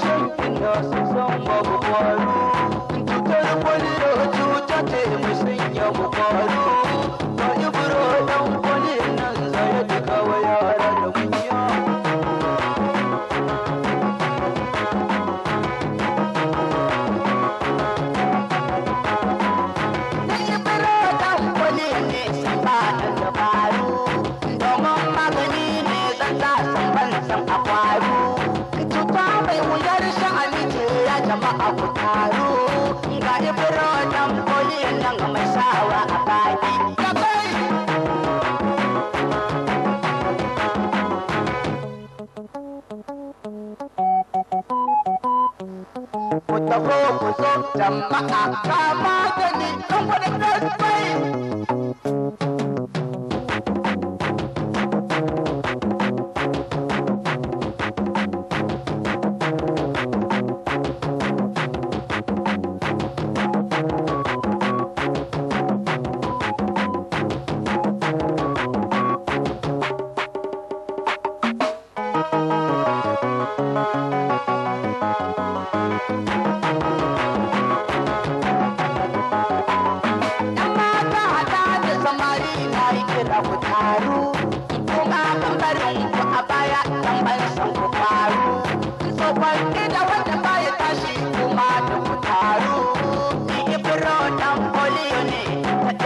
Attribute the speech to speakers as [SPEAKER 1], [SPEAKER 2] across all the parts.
[SPEAKER 1] shi ya su san babu cuta ce mu sanya mu jama'a ku taru ga ibro dan koyin nan mai sawa a baki Ku taho ku zo jama'a kama da ni kan wani ɗan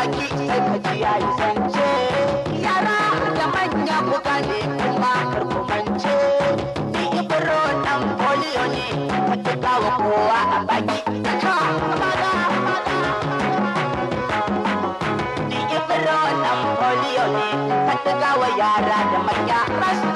[SPEAKER 1] baki sai ka ya yi zance yara da manya kuka ne kuma kar ku ni ibro dan polio ne ka tuka kowa a baki ka ka maga ni ibro dan polio ne ka tuka yara da manya